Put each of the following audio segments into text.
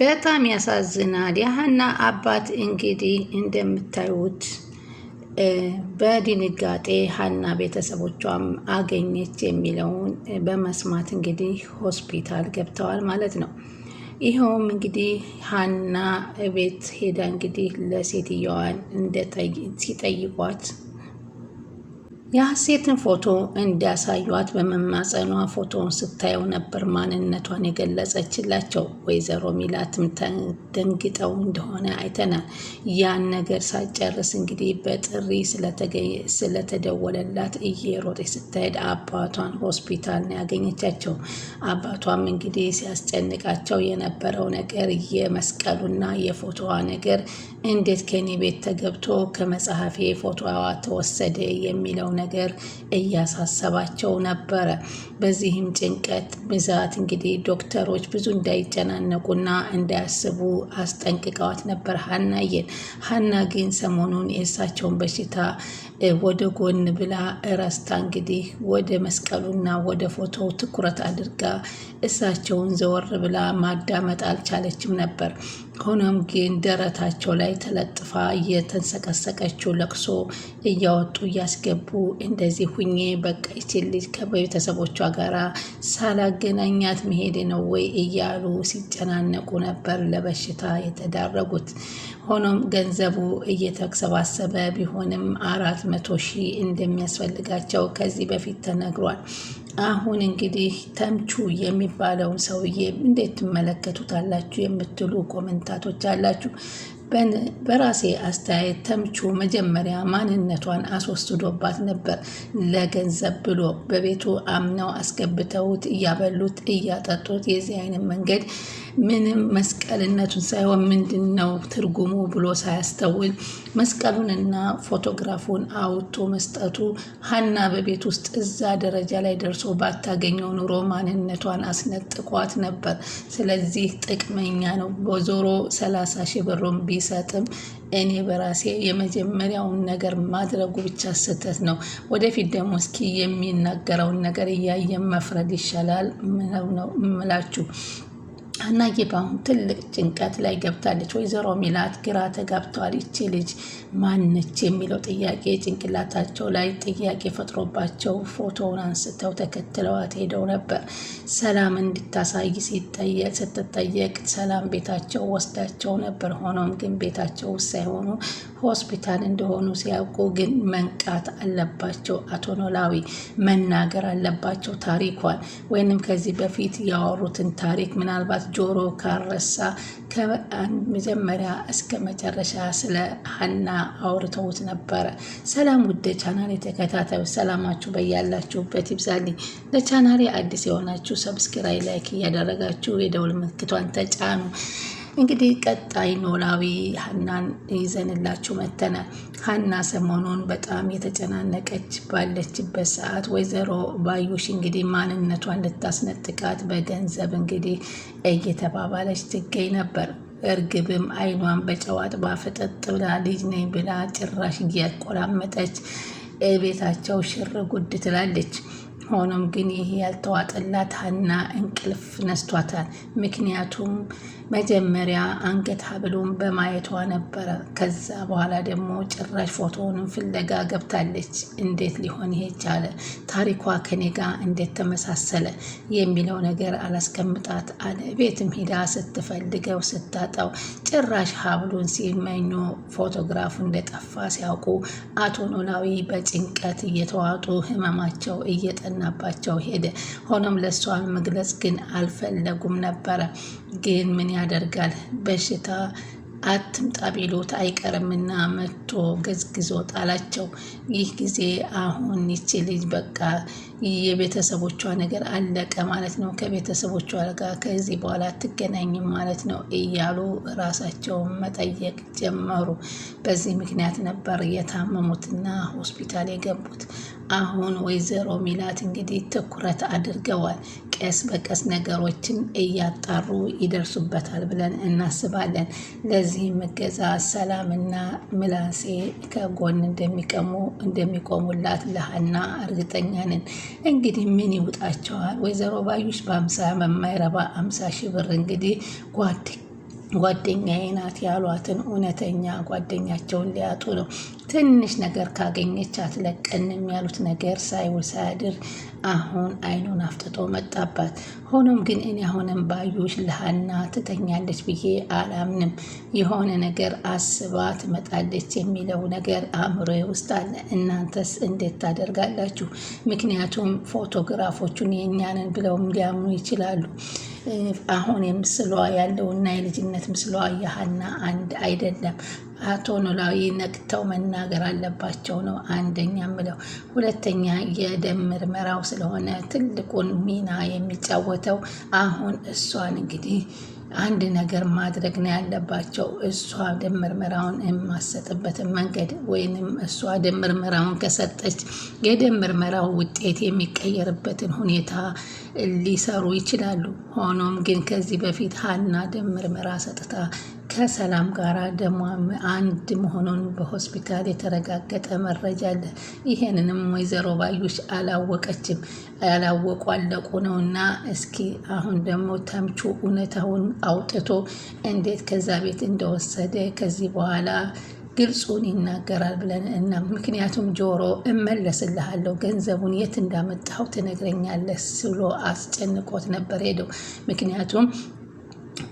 በጣም ያሳዝናል። የሀና አባት እንግዲህ እንደምታዩት በድንጋጤ ሀና ቤተሰቦቿም አገኘች የሚለውን በመስማት እንግዲህ ሆስፒታል ገብተዋል ማለት ነው። ይኸውም እንግዲህ ሀና ቤት ሄዳ እንግዲህ ለሴትየዋን ሲጠይቋት የሐሴትን ፎቶ እንዲያሳዩት በመማፀኗ ፎቶውን ስታየው ነበር ማንነቷን የገለጸችላቸው። ወይዘሮ ሚላትም ደንግጠው እንደሆነ አይተናል። ያን ነገር ሳጨርስ እንግዲህ በጥሪ ስለተደወለላት እየሮጤ ስትሄድ አባቷን ሆስፒታል ነው ያገኘቻቸው። አባቷም እንግዲህ ሲያስጨንቃቸው የነበረው ነገር የመስቀሉና የፎቶዋ ነገር እንዴት ከኔ ቤት ተገብቶ ከመጽሐፌ ፎቶዋ ተወሰደ የሚለው ነገር እያሳሰባቸው ነበረ። በዚህም ጭንቀት ብዛት እንግዲህ ዶክተሮች ብዙ እንዳይጨናነቁና እንዳያስቡ አስጠንቅቀዋት ነበር ሀናየን ሀና ግን ሰሞኑን የእሳቸውን በሽታ ወደ ጎን ብላ እረስታ እንግዲህ ወደ መስቀሉና ወደ ፎቶው ትኩረት አድርጋ እሳቸውን ዘወር ብላ ማዳመጥ አልቻለችም ነበር። ሆኖም ግን ደረታቸው ላይ ተለጥፋ እየተንሰቀሰቀችው ለቅሶ እያወጡ እያስገቡ እንደዚህ ሁኜ በቃ ይቺን ልጅ ከቤተሰቦቿ ጋራ ሳላገናኛት መሄድ ነው ወይ እያሉ ሲጨናነቁ ነበር ለበሽታ የተዳረጉት። ሆኖም ገንዘቡ እየተሰባሰበ ቢሆንም አራት መቶ ሺህ እንደሚያስፈልጋቸው ከዚህ በፊት ተነግሯል። አሁን እንግዲህ ተምቹ የሚባለውን ሰውዬ እንዴት ትመለከቱታላችሁ የምትሉ ኮመንታቶች አላችሁ። በራሴ አስተያየት ተምቹ መጀመሪያ ማንነቷን አስወስዶባት ነበር። ለገንዘብ ብሎ በቤቱ አምነው አስገብተውት እያበሉት እያጠጡት የዚህ አይነት መንገድ ምንም መስቀልነቱን ሳይሆን ምንድን ነው ትርጉሙ ብሎ ሳያስተውል መስቀሉንና ፎቶግራፉን አውጥቶ መስጠቱ ሀና በቤት ውስጥ እዛ ደረጃ ላይ ደርሶ ባታገኘው ኑሮ ማንነቷን አስነጥቋት ነበር። ስለዚህ ጥቅመኛ ነው። በዞሮ ሰላሳ ሺህ ብሩን ቢሰጥም እኔ በራሴ የመጀመሪያውን ነገር ማድረጉ ብቻ ስህተት ነው። ወደፊት ደግሞ እስኪ የሚናገረውን ነገር እያየን መፍረድ ይሻላል ነው የምላችሁ። ሀናዬ በአሁን ትልቅ ጭንቀት ላይ ገብታለች። ወይዘሮ ሚላት ግራ ተጋብተዋል። ይቺ ልጅ ማነች የሚለው ጥያቄ ጭንቅላታቸው ላይ ጥያቄ ፈጥሮባቸው ፎቶውን አንስተው ተከትለዋት ሄደው ነበር። ሰላም እንድታሳይ ስትጠየቅ ሰላም ቤታቸው ወስዳቸው ነበር። ሆኖም ግን ቤታቸው ውስጥ ሳይሆኑ ሆስፒታል እንደሆኑ ሲያውቁ ግን መንቃት አለባቸው። አቶ ኖላዊ መናገር አለባቸው ታሪኳን ወይንም ከዚህ በፊት ያወሩትን ታሪክ ምናልባት ጆሮ ካረሳ ከመጀመሪያ እስከ መጨረሻ ስለ ሀና አውርተውት ነበረ። ሰላም ውድ ቻናል የተከታታዩ ሰላማችሁ በያላችሁበት ይብዛልኝ። ለቻናሌ አዲስ የሆናችሁ ሰብስክራይ ላይክ እያደረጋችሁ የደውል ምልክቷን ተጫኑ። እንግዲህ ቀጣይ ኖላዊ ሀናን ይዘንላችሁ መተናል። ሀና ሰሞኑን በጣም የተጨናነቀች ባለችበት ሰዓት ወይዘሮ ባዩሽ እንግዲህ ማንነቷን ልታስነጥቃት በገንዘብ እንግዲህ እየተባባለች ትገኝ ነበር። እርግብም አይኗን በጨዋጥ ባፈጠጥ ብላ ልጅ ነኝ ብላ ጭራሽ እያቆላመጠች ቤታቸው ሽር ጉድ ትላለች። ሆኖም ግን ይህ ያልተዋጠላት ሀና እንቅልፍ ነስቷታል። ምክንያቱም መጀመሪያ አንገት ሀብሉን በማየቷ ነበረ። ከዛ በኋላ ደግሞ ጭራሽ ፎቶውንም ፍለጋ ገብታለች። እንዴት ሊሆን ይሄ ቻለ? ታሪኳ ከኔ ጋ እንዴት ተመሳሰለ? የሚለው ነገር አላስቀምጣት አለ። ቤትም ሂዳ ስትፈልገው ስታጣው፣ ጭራሽ ሀብሉን ሲመኙ ፎቶግራፉ እንደጠፋ ሲያውቁ አቶ ኖላዊ በጭንቀት እየተዋጡ ህመማቸው እየጠና እያጠናባቸው ሄደ። ሆኖም ለእሷ መግለጽ ግን አልፈለጉም ነበረ። ግን ምን ያደርጋል በሽታ አትምጣ ቢሉት አይቀርምና መቶ ገዝግዞ ጣላቸው። ይህ ጊዜ አሁን ይቺ ልጅ በቃ የቤተሰቦቿ ነገር አለቀ ማለት ነው። ከቤተሰቦቿ ጋር ከዚህ በኋላ አትገናኝም ማለት ነው እያሉ ራሳቸውን መጠየቅ ጀመሩ። በዚህ ምክንያት ነበር የታመሙትና ሆስፒታል የገቡት። አሁን ወይዘሮ ሚላት እንግዲህ ትኩረት አድርገዋል። ቀስ በቀስ ነገሮችን እያጣሩ ይደርሱበታል ብለን እናስባለን። ለዚህ መገዛ ሰላምና ምላሴ ከጎን እንደሚቀሙ እንደሚቆሙላት ለሀና እርግጠኛ ነን። እንግዲህ ምን ይውጣቸዋል? ወይዘሮ ባዩሽ በአምሳ መማይረባ አምሳ ሺህ ብር እንግዲህ ጓድ ጓደኛዬ ናት ያሏትን እውነተኛ ጓደኛቸውን ሊያጡ ነው። ትንሽ ነገር ካገኘች አትለቀንም ያሉት ነገር ሳይውል ሳያድር አሁን አይኑን አፍጥጦ መጣባት። ሆኖም ግን እኔ አሁንም ባዩሽ ልሃና ትተኛለች ብዬ አላምንም። የሆነ ነገር አስባ ትመጣለች የሚለው ነገር አእምሮ ውስጥ አለ። እናንተስ እንዴት ታደርጋላችሁ? ምክንያቱም ፎቶግራፎቹን የእኛንን ብለውም ሊያምኑ ይችላሉ። አሁን የምስሏ ያለውና የልጅነት ምስሏ የሀና አንድ አይደለም። አቶ ኖላዊ ነቅተው መናገር አለባቸው ነው አንደኛ ምለው። ሁለተኛ የደም ምርመራው ስለሆነ ትልቁን ሚና የሚጫወተው አሁን እሷን እንግዲህ አንድ ነገር ማድረግ ነው ያለባቸው። እሷ ደም ምርመራውን የማሰጥበትን መንገድ ወይንም እሷ ደም ምርመራውን ከሰጠች የደም ምርመራው ውጤት የሚቀየርበትን ሁኔታ ሊሰሩ ይችላሉ። ሆኖም ግን ከዚህ በፊት ሀና ደም ምርመራ ሰጥታ ከሰላም ጋር ደሞ አንድ መሆኑን በሆስፒታል የተረጋገጠ መረጃ አለ። ይሄንንም ወይዘሮ ባዩሽ አላወቀችም፣ ያላወቁ አለቁ እና እስኪ አሁን ደግሞ ተምቹ እውነታውን አውጥቶ እንዴት ከዛ ቤት እንደወሰደ ከዚህ በኋላ ግልጹን ይናገራል ብለን እና ምክንያቱም ጆሮ እመለስልሃለሁ ገንዘቡን የት እንዳመጣው ትነግረኛለህ ብሎ አስጨንቆት ነበር ሄደው ምክንያቱም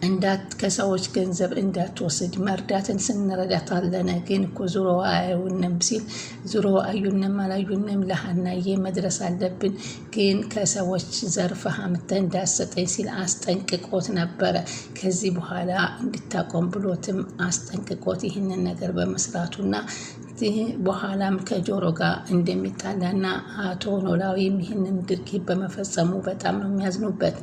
እንዳት ከሰዎች ገንዘብ እንዳትወስድ መርዳትን ስንረዳታለን፣ ግን እኮ ዙሮ አዩንም ሲል ዙሮ አዩንም አላዩንም ለሀናዬ መድረስ አለብን፣ ግን ከሰዎች ዘርፈህ አምጥተህ እንዳሰጠኝ ሲል አስጠንቅቆት ነበረ። ከዚህ በኋላ እንድታቆም ብሎትም አስጠንቅቆት ይህንን ነገር በመስራቱና ከዚህ በኋላም ከጆሮ ጋር እንደሚጣላና አቶ ኖላዊም ይህንን ድርጊት በመፈጸሙ በጣም ነው የሚያዝኑበት።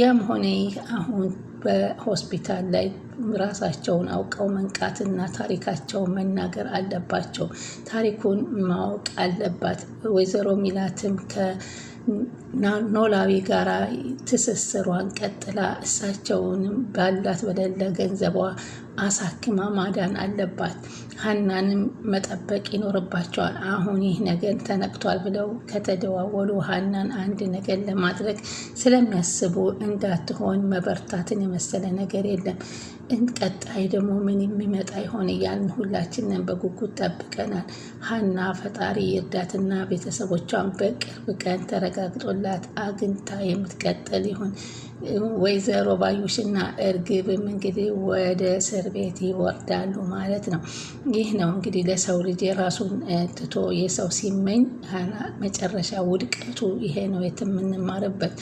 ያም ሆነ ይህ አሁን በሆስፒታል ላይ ራሳቸውን አውቀው መንቃትና ታሪካቸው መናገር አለባቸው። ታሪኩን ማወቅ አለባት። ወይዘሮ ሚላትም ከ ኖላዊ ጋራ ትስስሯን ቀጥላ እሳቸውንም ባላት በሌለ ገንዘቧ አሳክማ ማዳን አለባት። ሀናንም መጠበቅ ይኖርባቸዋል። አሁን ይህ ነገር ተነቅቷል ብለው ከተደዋወሉ ሀናን አንድ ነገር ለማድረግ ስለሚያስቡ እንዳትሆን መበርታትን የመሰለ ነገር የለም። እንቀጣይ ደግሞ ምን የሚመጣ ይሆን እያልን ሁላችንን በጉጉት ጠብቀናል። ሀና ፈጣሪ እርዳትና ቤተሰቦቿን በቅርብ ቀን ተረ ተረጋግጦላት አግኝታ የምትቀጥል ይሆን? ወይዘሮ እና እርግብም እንግዲህ ወደ እስር ቤት ይወርዳሉ ማለት ነው። ይህ ነው እንግዲህ ለሰው ልጅ የራሱን ትቶ የሰው ሲመኝ መጨረሻ ውድቀቱ ይሄ ነው የምንማርበት።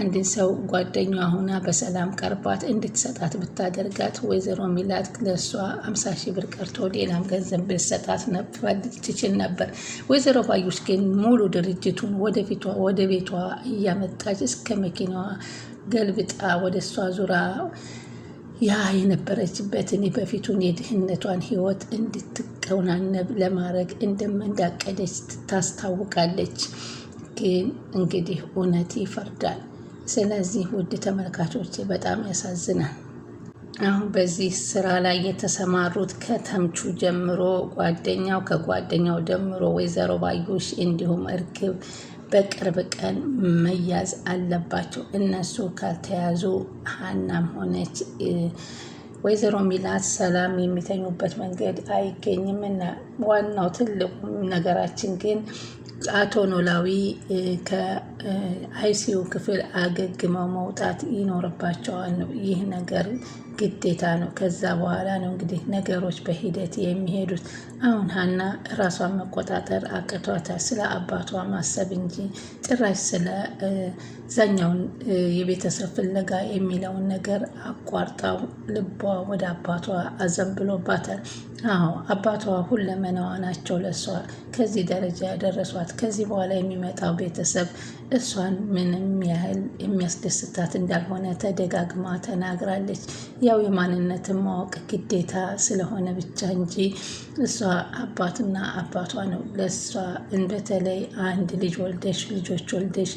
አንድን ሰው ጓደኛ ሁና በሰላም ቀርባት እንድትሰጣት ብታደርጋት ወይዘሮ ሚላት ለእሷ አምሳ ሺህ ብር ቀርቶ ሌላም ገንዘብ ብትሰጣት ፈልግ ትችል ነበር። ወይዘሮ ባዩሽ ግን ሙሉ ድርጅቱን ወደፊቷ ወደ ቤቷ እያመጣች እስከ መኪናዋ ገልብጣ ወደ እሷ ዙራ ያ የነበረችበትን በፊቱን የድህነቷን ህይወት እንድትቀውናነብ ለማድረግ እንደመንዳቀደች ታስታውቃለች። ግን እንግዲህ እውነት ይፈርዳል። ስለዚህ ውድ ተመልካቾች በጣም ያሳዝናል። አሁን በዚህ ስራ ላይ የተሰማሩት ከተምቹ ጀምሮ ጓደኛው ከጓደኛው ጀምሮ ወይዘሮ ባዩሽ እንዲሁም እርግብ በቅርብ ቀን መያዝ አለባቸው። እነሱ ካልተያዙ ሀናም ሆነች ወይዘሮ ሚላት ሰላም የሚተኙበት መንገድ አይገኝም እና ዋናው ትልቁ ነገራችን ግን አቶ ኖላዊ ከአይሲዩ ክፍል አገግመው መውጣት ይኖርባቸዋል ነው ይህ ነገር ግዴታ ነው። ከዛ በኋላ ነው እንግዲህ ነገሮች በሂደት የሚሄዱት። አሁን ሀና ራሷን መቆጣጠር አቅቷታል። ስለ አባቷ ማሰብ እንጂ ጭራሽ ስለ ዛኛውን የቤተሰብ ፍለጋ የሚለውን ነገር አቋርጣው ልቧ ወደ አባቷ አዘንብሎባታል። አዎ አባቷ ሁለመናዋ ናቸው ለእሷ ከዚህ ደረጃ ያደረሷት። ከዚህ በኋላ የሚመጣው ቤተሰብ እሷን ምንም ያህል የሚያስደስታት እንዳልሆነ ተደጋግማ ተናግራለች። ያው የማንነትን ማወቅ ግዴታ ስለሆነ ብቻ እንጂ እሷ አባትና አባቷ ነው። ለእሷ በተለይ አንድ ልጅ ወልደሽ ልጆች ወልደሽ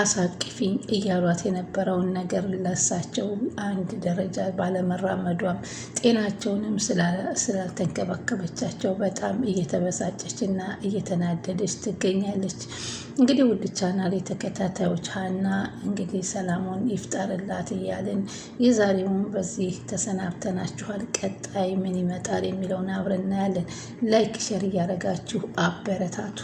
አሳቅፊኝ እያሏት የነበረውን ነገር ለሳቸው አንድ ደረጃ ባለመራመዷም ጤናቸውንም ስላልተንከባከበቻቸው በጣም እየተበሳጨች እና እየተናደደች ትገኛለች። እንግዲህ ውድ ቻናል የተከታታዮች ሀና እንግዲህ ሰላሙን ይፍጠርላት እያልን የዛሬውን በዚህ ተሰናብተናችኋል። ቀጣይ ምን ይመጣል የሚለውን አብረን እናያለን። ላይክ ሸር እያደረጋችሁ አበረታቱ።